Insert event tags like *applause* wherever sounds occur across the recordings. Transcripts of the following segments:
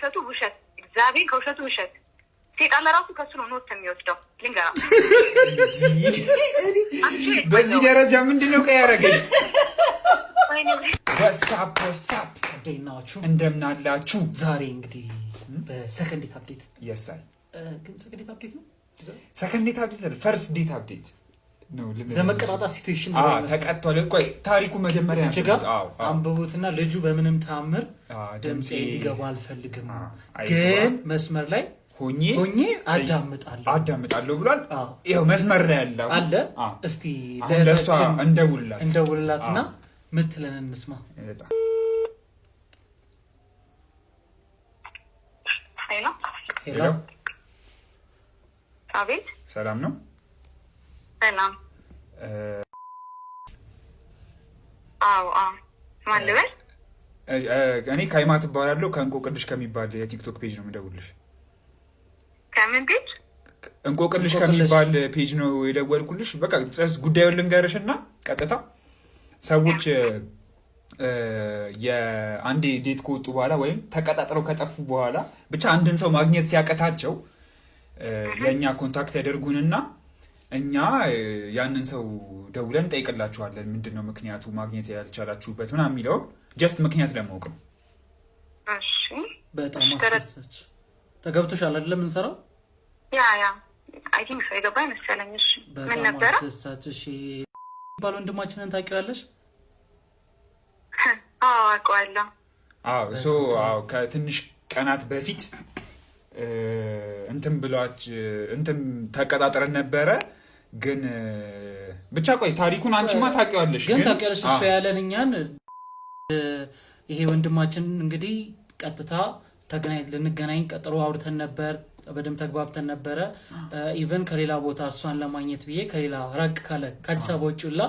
ከውሸቱ ውሸት፣ እግዚአብሔር ከውሸቱ ውሸት። ሴጣን ራሱ ከሱ ነው ኖት የሚወስደው። ልንገራ በዚህ ደረጃ ምንድን ነው ቀ ያደረገኝ ወሳፕ ወሳፕ ደናችሁ እንደምን ዛሬ እንግዲህ በሰከንዴት አፕዴት የሳይ ግን ሰከንዴት አፕዴት ነው ሰከንዴት አፕዴት ፈርስት ዴት አፕዴት ዘመቀጣጣት ሲትዌሽን ተቀጥቷል። ቆይ ታሪኩ መጀመሪያ እዚህ ጋር አንብቡትና ልጁ በምንም ተአምር ድምፄ እንዲገባ አልፈልግም፣ ግን መስመር ላይ ሆኜ ሆኜ አዳምጣለሁ አዳምጣለሁ ብሏል። ይኸው መስመር ላይ ያለው አለ። እስቲ ለእሷ እንደውልላት እንደውልላትና ምትለን እንስማ። ሄሎ፣ አቤት፣ ሰላም ነው? ሰላም እኔ ትባላለሁ ከእንቆ ከእንቆቅልሽ ከሚባል የቲክቶክ ፔጅ ነው የምደውልሽ። ከምን ፔጅ? እንቆቅልሽ ከሚባል ፔጅ ነው የደወልኩልሽ። በቃ ጉዳዩን ልንገርሽ እና ቀጥታ ሰዎች የአንድ ዴት ከወጡ በኋላ ወይም ተቀጣጥረው ከጠፉ በኋላ ብቻ አንድን ሰው ማግኘት ሲያቀታቸው ለእኛ ኮንታክት ያደርጉንና እኛ ያንን ሰው ደውለን እንጠይቅላችኋለን። ምንድን ነው ምክንያቱ ማግኘት ያልቻላችሁበት ምናምን የሚለውን ጀስት ምክንያት ለማወቅ ነው። በጣም አስደሳች ተገብቶሻል አይደለም? የምንሰራው የገባ ይመስለኝ። አስደሳች ባል ወንድማችንን ታውቂዋለሽ? *laughs* አውቀዋለሁ። ከትንሽ ቀናት በፊት እንትም ብሏች እንትም ተቀጣጥረን ነበረ ግን ብቻ ቆይ ታሪኩን አንቺማ ታውቂዋለሽ፣ ግን ታውቂዋለሽ እሱ ያለን እኛን ይሄ ወንድማችን እንግዲህ ቀጥታ ተገናኝ ልንገናኝ ቀጥሮ አውርተን ነበር። በደንብ ተግባብተን ነበረ። ኢቨን ከሌላ ቦታ እሷን ለማግኘት ብዬ ከሌላ ራቅ ካለ ከአዲስ አበባ ውጭ ሁላ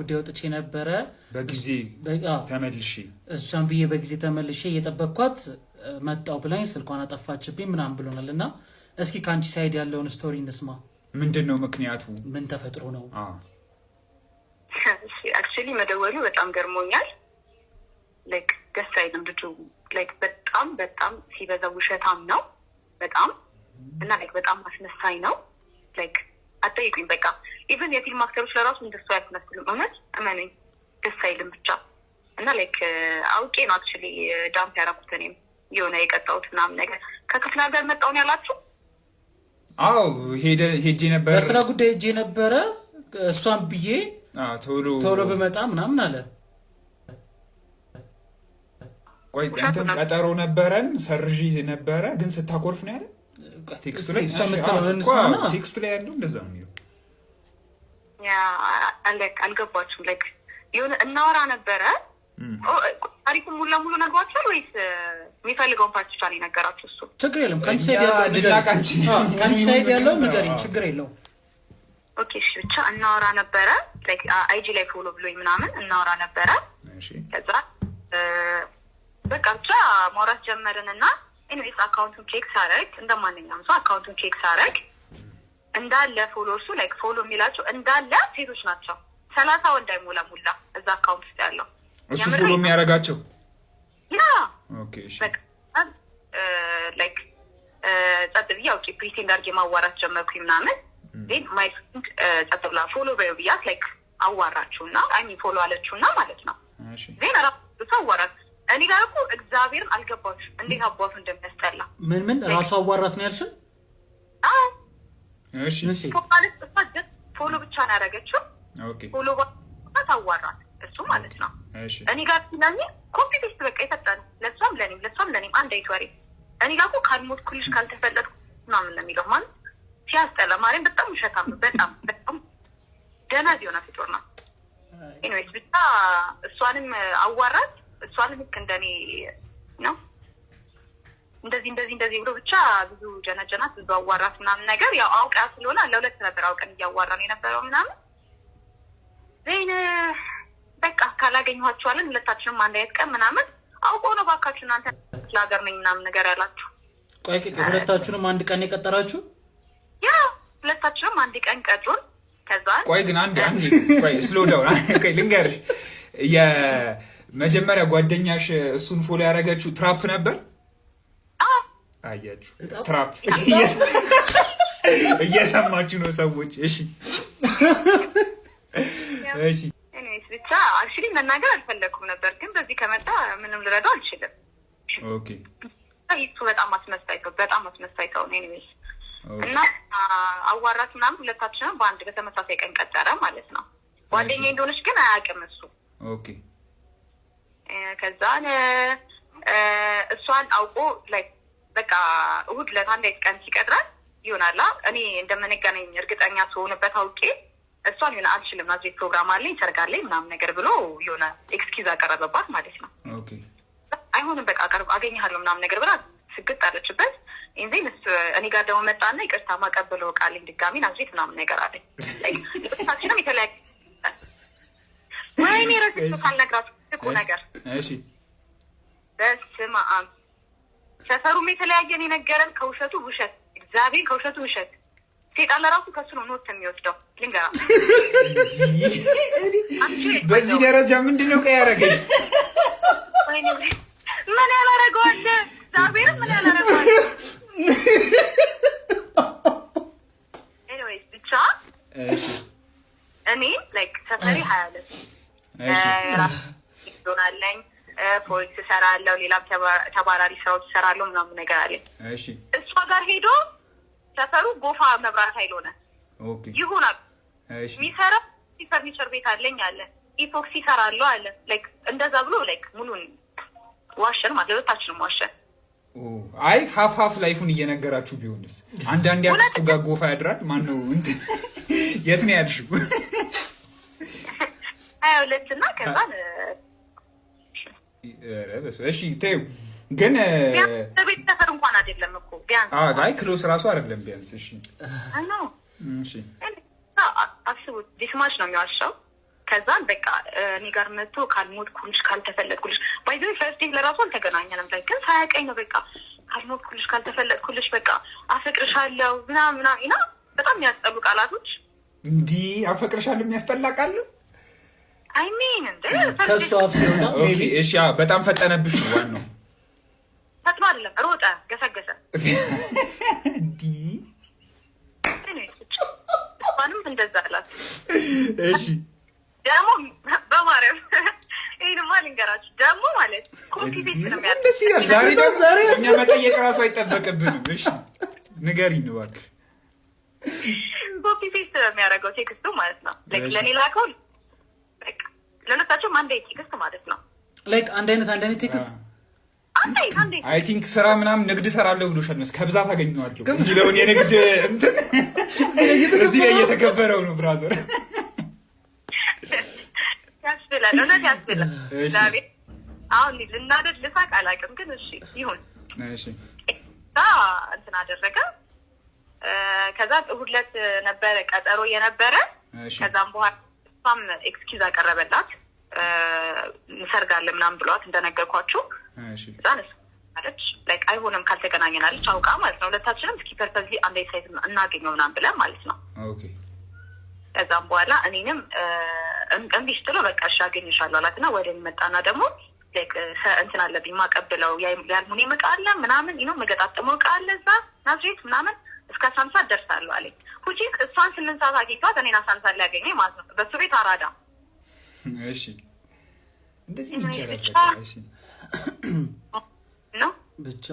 ጉዳይ ወጥቼ ነበረ። በጊዜ ተመልሼ እሷን ብዬ በጊዜ ተመልሼ እየጠበቅኳት መጣው ብላኝ ስልኳን አጠፋችብኝ ምናምን ብሎናል። እና እስኪ ከአንቺ ሳይድ ያለውን ስቶሪ እንስማ። ምንድን ነው ምክንያቱ? ምን ተፈጥሮ ነው? አክቹዋሊ መደወሉ በጣም ገርሞኛል። ላይክ ደስ አይልም ልጁ ላይክ በጣም በጣም ሲበዛ ውሸታም ነው በጣም እና ላይክ በጣም አስመሳይ ነው። ላይክ አጠይቁኝ በቃ ኢቨን የፊልም አክተሮች ለራሱ እንደሱ አያስመስልም። እውነት እመነኝ ደስ አይልም ብቻ እና ላይክ አውቄ ነው አክቹዋሊ ዳምፕ ያደረኩት እኔም የሆነ የቀጣሁት ምናምን ነገር ከክፍለ ሀገር መጣውን ያላችሁ አዎ ሄጄ ነበረ፣ በስራ ጉዳይ ሄጄ ነበረ። እሷን ብዬ ቶሎ ቶሎ ብመጣ ምናምን አለ። ቆይ እንትን ቀጠሮ ነበረን፣ ሰርዥ ነበረ ግን ስታኮርፍ ነው ያለ ቴክስቱ ላይ ያለው እንደዛ ነው። አልገባችሁም? ላይክ የሆነ እናወራ ነበረ ታሪኩ ሙሉ ለሙሉ ነግሯቸዋል ወይስ የሚፈልገውን ፓርት ብቻ ነገራቸው? እሱ ችግር የለም ከሚሳይድ ያለው ነገር ችግር የለው። ኦኬ እሺ፣ ብቻ እናወራ ነበረ አይጂ ላይ ፎሎ ብሎኝ ምናምን እናወራ ነበረ። ከዛ በቃ ብቻ ማውራት ጀመርን እና ኢንዌስ አካውንቱን ቼክ ሳረግ እንደ ማንኛውም ሰው አካውንቱን ቼክ ሳረግ እንዳለ ፎሎ እርሱ ላይክ ፎሎ የሚላቸው እንዳለ ሴቶች ናቸው። ሰላሳ ወንድ አይሞላ ሙላ እዛ አካውንት ውስጥ ያለው እሱ ፎሎ የሚያደርጋቸው ጸጥ ብዬ አውጪ ፕሪቴንድ አድርጌ ማዋራት ጀመርኩኝ ምናምን ዜን ማይ ፍሬንድ ጸጥ ብላ ፎሎ በዩ ብያት ላይክ አዋራችሁ ና አይሚ ፎሎ ና ማለት ነው። ዜን ራሱ አዋራት እኔ ጋር እኮ እግዚአብሔር አልገባች እንዴት አባቱ እንደሚያስጠላ ምን ምን ራሱ አዋራት ነው ያልሽን? ማለት ፎሎ ብቻ ነው ያደረገችው ፎሎ አዋራት እሱ ማለት ነው። እኔ ጋር ሲናኝ ኮፒ ፔስት በቃ የሰጠን ለሷም ለኔም ለሷም ለኔም አንድ አይነት ወሬ እኔ ጋር እኮ ኩልሽ ካልተፈለጥኩ ምናምን ነው የሚለው ማለት ሲያስጠላ ማርያም በጣም ውሸታም በጣም በጣም ደነዝ የሆነ ፍጡር ነው። ኤኒዌይስ ብቻ እሷንም አዋራት እሷንም ህክ እንደኔ ነው እንደዚህ እንደዚህ እንደዚህ ብሎ ብቻ ብዙ ጀነጀናት ብዙ አዋራት ምናምን ነገር ያው አውቃ ስለሆነ ለሁለት ነበር አውቀን እያዋራን የነበረው ምናምን ዜን እናገኘኋቸዋለን ሁለታችንም አንድ አይነት ቀን ምናምን አውቆ ነው ባካችሁ እናንተ ለሀገር ነኝ ምናምን ነገር ያላችሁ። ቆይ ሁለታችሁንም አንድ ቀን የቀጠራችሁ? ያ ሁለታችንም አንድ ቀን ቀጡን። ከዛ ቆይ ግን አንድ አንድ ቆይ ስሎዳውን *laughs* ቆይ ልንገርሽ፣ የመጀመሪያ ጓደኛሽ እሱን ፎሎ ያደረገችው ትራፕ ነበር። አያችሁ፣ ትራፕ እየሰማችሁ ነው ሰዎች። እሺ እሺ ብቻ አክቹዋሊ መናገር አልፈለግኩም ነበር፣ ግን በዚህ ከመጣ ምንም ልረዳው አልችልም። እሱ በጣም አስመሳይ በጣም አስመሳይ ነው። ኤኒዌይስ እና አዋራት ምናምን ሁለታችንም በአንድ በተመሳሳይ ቀን ቀጠረ ማለት ነው። ጓደኛ እንደሆነች ግን አያውቅም እሱ። ከዛ እሷን አውቆ ላይ በቃ እሁድ ዕለት አንድ ቀን ሲቀጥረን ይሆናላ እኔ እንደምንገናኝ እርግጠኛ ስሆንበት አውቄ እሷን የሆነ አልችልም ናዝሬት ፕሮግራም አለኝ ሰርግ አለኝ ምናምን ነገር ብሎ የሆነ ኤክስኪዝ አቀረበባት ማለት ነው። አይሆንም በቃ ቀር አገኘሃለሁ ምናምን ነገር ብላ ስግጥ አለችበት። ኢንዜን እኔ ጋር ደግሞ መጣና ይቅርታ ማቀበለ ቃለኝ ድጋሚ ናዝሬት ምናምን ነገር አለኝ። ታችንም የተለያዩ ወይኔ ረስ ካልነግራችሁ ትቁ ነገር በስመ አብ ሰፈሩም የተለያየን የነገረን ከውሸቱ ውሸት እግዚአብሔር ከውሸቱ ውሸት ሴጣን ራሱ ከሱ ነው ኖት የሚወስደው። ልንገራ በዚህ ደረጃ ምንድን ነው ቀይ ያደረገኝ? ምን ያላረገዋል? ዛቤር ምን ያላረገዋል? ኤኒዌይስ ብቻ እኔ ላይክ ሰፈሪ ሀያለት ዶናለኝ ፕሮጀክት እሰራለሁ፣ ሌላም ተባራሪ ስራዎች እሰራለሁ ምናምን ነገር አለኝ። እሷ ጋር ሄዶ ሰፈሩ ጎፋ መብራት ኃይል ሆነ ይሁን የሚሰራ ፈርኒቸር ቤት አለኝ አለ ኢፖክሲ ይሰራለሁ አለ ላይክ እንደዛ ብሎ ላይክ ሙሉን ዋሸን ማለት ሁለታችንም ዋሸን። አይ ሀፍ ሀፍ ላይፉን እየነገራችሁ ቢሆንስ? አንዳንድ አክስቱ ጋር ጎፋ ያድራል። ማን ነው እንት የት ነው ያድሹ ሀያ ሁለት እና ከዛን እሺ ቴው ግን ቤተሰብ እንኳን አይደለም እኮ ቢያንስ አይ ክሎስ ራሱ አይደለም ቢያንስ። እሺ አስቡት፣ ዲስማች ነው የሚዋሻው። ከዛ በቃ እኔ ጋር መጥቶ ካልሞትኩልሽ ካልተፈለጥኩልሽ፣ ባይ ዘ ወይ ፈርስት ለራሱ አልተገናኘንም ላይ ግን ሳያቀኝ ነው በቃ ካልሞትኩልሽ ካልተፈለጥኩልሽ፣ በቃ አፈቅርሻለሁ ምናምን ምናምን እና በጣም የሚያስጠሉ ቃላቶች እንዲህ አፈቅርሻለሁ የሚያስጠላ ቃል በጣም ፈጠነብሽ ዋን ነው ፈጥኖ አይደለም ሮጠ፣ ገሰገሰ። እንዲህንም እንደዛ አላት። እሺ ደግሞ በማርያም ይህንማ ልንገራችሁ ደግሞ ማለት ኮፊ ቤት ነው ደስ ዛሬ ደግሞ ዛሬ እኛ መጠየቅ ራሱ አይጠበቅብንም። እሺ ንገሪኝ እባክህ። ኮፒ ፔስት የሚያደርገው ቴክስቱ ማለት ነው። ለእኔ ላከው ለሁለታቸውም አንድ ቴክስት ማለት ነው። ላይክ አንድ አይነት አንድ አይነት ቴክስት አይ ቲንክ ስራ ምናምን ንግድ እሰራለሁ ብሎሻል መሰለኝ። ከብዛት አገኘዋለሁ ለውን የንግድ እንትን እዚህ ላይ እየተከበረው ነው ብራዘር ያስብላል። እውነት ያስብላል። አሁን ልናደድ ልሳቅ አላውቅም፣ ግን እሺ ይሁን። እዛ እንትን አደረገ። ከዛ እሑድ ዕለት ነበረ ቀጠሮ የነበረ። ከዛም በኋላ እሷም ኤክስኪዝ አቀረበላት እንሰርጋለን አለ ምናምን ብሏት እንደነገርኳችሁ አለች ላይክ አይሆንም ካልተገናኘን አለች አውቃ ማለት ነው። ሁለታችንም እስኪ ፐርፐዚ አንድ ሳይት እናገኘው ምናምን ብለን ማለት ነው። ከዛም በኋላ እኔንም እምቢ ስትለው በቃ እሺ አገኝሻለሁ አላት ና ወደ መጣና ደግሞ እንትን አለብኝ ማቀብለው ያልሙኒ ምቃለ ምናምን ይኖ መገጣጥመው ቃለ እዛ ናዝሬት ምናምን እስከ ሳምሳት ደርሳሉ ሰዓት አለኝ። ሁቺ እሷን ስምንት ሰዓት አግኝቷት እኔን አስራ ሊያገኘ ማለት ነው። በሱ ቤት አራዳ እሺ እንደዚህ ነው ብቻ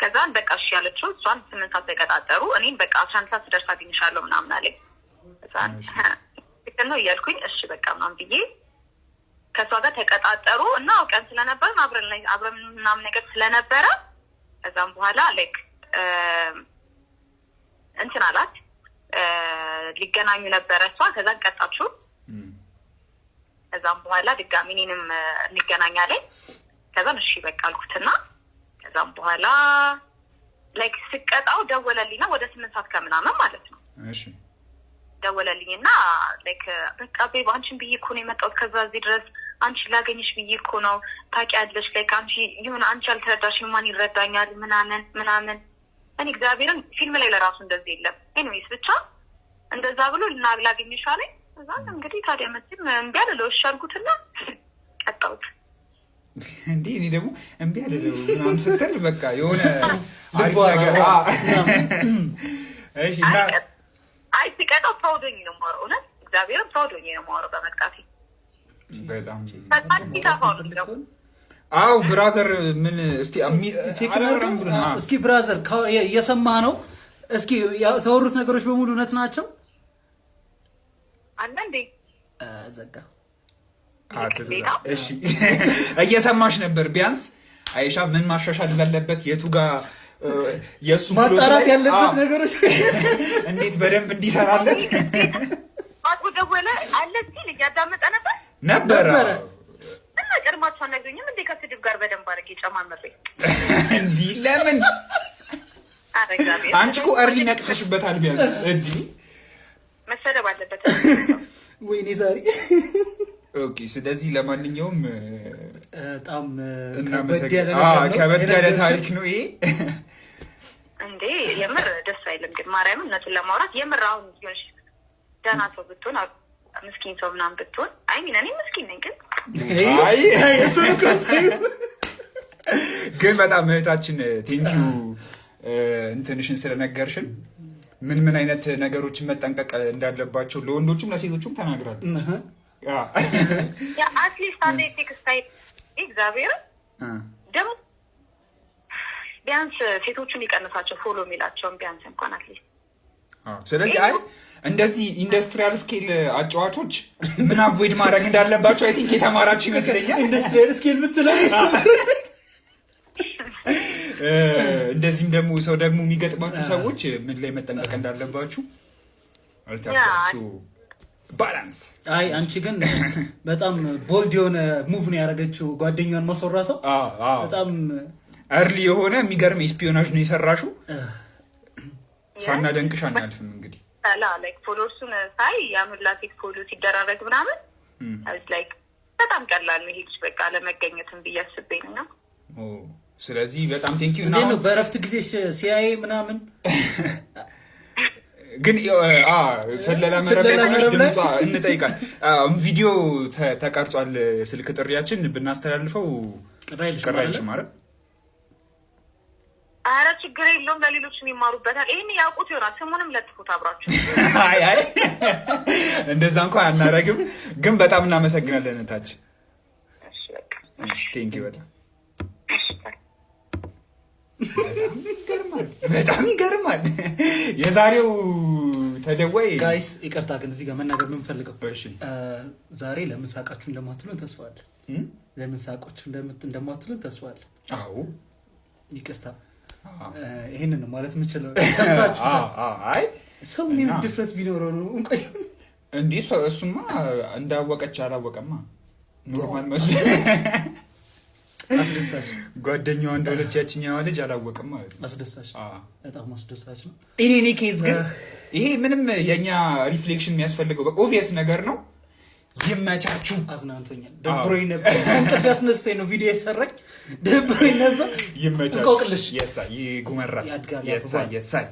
ከዛን በቃ እሺ ያለችው እሷን ስምንት ሰዓት ተቀጣጠሩ። እኔም በቃ አስራ አንድ ሰዓት ስደርስ አግኝሻለሁ ምናምን አለኝ። *laughs* ነው እያልኩኝ እሺ በቃ ምናምን ብዬ ከእሷ ጋር ተቀጣጠሩ እና አውቀን ስለነበር አብረን አብረን ምናምን ነገር ስለነበረ ከዛም በኋላ ላይክ እንትን አላት ሊገናኙ ነበረ እሷ ከዛን ቀጣችሁ ከዛም በኋላ ድጋሚ እኔንም እንገናኛለን። ከዛም እሺ በቃ ከዛም በኋላ ላይክ ስቀጣው ደወለልኝና ወደ ስምንት ሰዓት ከምናምን ማለት ነው ደወለልኝ ደወለልኝና ላይክ በቃ ቤ አንቺን ብዬ እኮ ነው የመጣሁት ከዛ እዚህ ድረስ አንቺ ላገኝሽ ብዬ እኮ ነው ታቂ ያለሽ ላይክ አንቺ ይሁን አንቺ አልተረዳሽ ማን ይረዳኛል ምናምን ምናምን እኔ እግዚአብሔርን ፊልም ላይ ለራሱ እንደዚህ የለም። ኤኒዌይስ ብቻ እንደዛ ብሎ ላገኝሽ ላይ እዛም እንግዲህ ታዲያ መቼም እምቢ አልለው እሺ አልኩትና ቀጣሁት። እንዲህ እኔ ደግሞ እምቢ አልለው ምናምን ስትል በቃ የሆነ አሪፍ ነገር እሺ አይ ሲቀጣው ፕራውዶኝ ነው የማወራው። እውነት እግዚአብሔርም ፕራውዶኝ ነው የማወራው በመቅጣቴ በጣም አው ብራዘር ምን እስቲ ብራዘር እየሰማህ ነው? እስኪ የተወሩት ነገሮች በሙሉ እውነት ናቸው? እየሰማሽ ነበር። ቢያንስ አይሻ ምን ማሻሻል እንዳለበት የቱ ጋ የእሱ ማጣራት ያለበት ነገሮች *laughs* እንዴት በደንብ እንዲሰራለት ደወለ አለ እያዳመጠ ነበር ነበረ እና ቀድማችሁ አናገኝም እንዴ? ከስድብ ጋር በደንብ አድርጌ ጨማምሬ *laughs* እንዲህ ለምን አንቺ እኮ እርሊ ነቅተሽበታል። ቢያንስ እንዲህ መሰደብ አለበት። *laughs* ወይኔ ዛሬ ኦኬ። ስለዚህ ለማንኛውም በጣም ከበድ ያለ ታሪክ ነው ይሄ። እንዴ የምር ደስ አይልም ግን ማርያም እነቱን ለማውራት የምር አሁን ሆን ደህና ሰው ብትሆን ምስኪን ሰው ምናም ብትሆን አይሚን እኔ ምስኪን ነኝ ግን ግን በጣም እህታችን ቴንኪዩ እንትንሽን ስለነገርሽን ምን ምን አይነት ነገሮችን መጠንቀቅ እንዳለባቸው ለወንዶቹም ለሴቶቹም ተናግራል። አትሊስት አንድ ቴክስት እግዚአብሔር ደግሞ ቢያንስ ሴቶቹን ይቀንሳቸው ፎሎ የሚላቸውን ቢያንስ እንኳን አትሊስት ስለዚህ አይ እንደዚህ ኢንዱስትሪያል ስኬል አጫዋቾች ምን አቮይድ ማድረግ እንዳለባቸው አይ ቲንክ የተማራችሁ ይመስለኛል። ኢንዱስትሪያል ስኬል ብትለው እንደዚህም ደግሞ ሰው ደግሞ የሚገጥማችሁ ሰዎች ምን ላይ መጠንቀቅ እንዳለባችሁ አልታሱ ባላንስ። አይ አንቺ ግን በጣም ቦልድ የሆነ ሙቭ ነው ያደረገችው ጓደኛዋን ማስወራቷ። በጣም እርሊ የሆነ የሚገርም ኤስፒዮናጅ ነው የሰራሽው። ሳናደንቅሽ አናልፍም። እንግዲህ ላይክ ፎሎሱን ሳይ የአምላቴክ ፎሎ ሲደራረግ ምናምን በጣም ቀላል ነው። ሄድሽ በቃ ለመገኘትም ብዬ አስቤ ነው ስለዚህ በጣም ቴንኪ ነው። በእረፍት ጊዜ ሲያይ ምናምን ግን ሰለላ መረብ ድምጿ እንጠይቃል። ቪዲዮ ተቀርጿል። ስልክ ጥሪያችን ብናስተላልፈው ቅራይልሽ ማለት አረ ችግር የለውም። ለሌሎች ይማሩበታል። ይህን ያውቁት ይሆናል። ስሙንም ለጥፉት አብራችሁ። *laughs* አይ አይ እንደዛ እንኳን አናረግም፣ ግን በጣም እናመሰግናለን። ታች በጣም በጣም ይገርማል። የዛሬው ተደወይ ጋይስ ይቅርታ፣ ግን እዚህ ጋር መናገር የምንፈልገው ዛሬ ለምን ሳቃችሁ እንደማትሉን ተስፋል። አለ። ለምን ሳቆች እንደማትሉን ተስፋል። አዎ ይቅርታ፣ ይህንን ነው ማለት የምችለው። አይ ሰው ምን ድፍረት ቢኖረው ነው እንቆይ እንዲህ እሱማ እንዳወቀች አላወቀማ ኖርማል መስሎኝ አስደሳች ጓደኛዋ እንደሆነች ያችኛዋ ልጅ አላወቅም ማለት ነው። አስደሳች በጣም አስደሳች ነው። እኔ እኔ ኬዝ ግን ይሄ ምንም የእኛ ሪፍሌክሽን የሚያስፈልገው ኦቪየስ ነገር ነው። ይመቻችሁ። አዝናንቶኛል። ደብሮኝ ነበር። እንቅልፍ ያስነስተኝ ነው ቪዲዮ የሰራኝ ደብሮኝ ነበር። ይመቻችሁ። እንቆቅልሽ የሳይ ይጉመራል። ያድጋል። ያሳይ የሳይ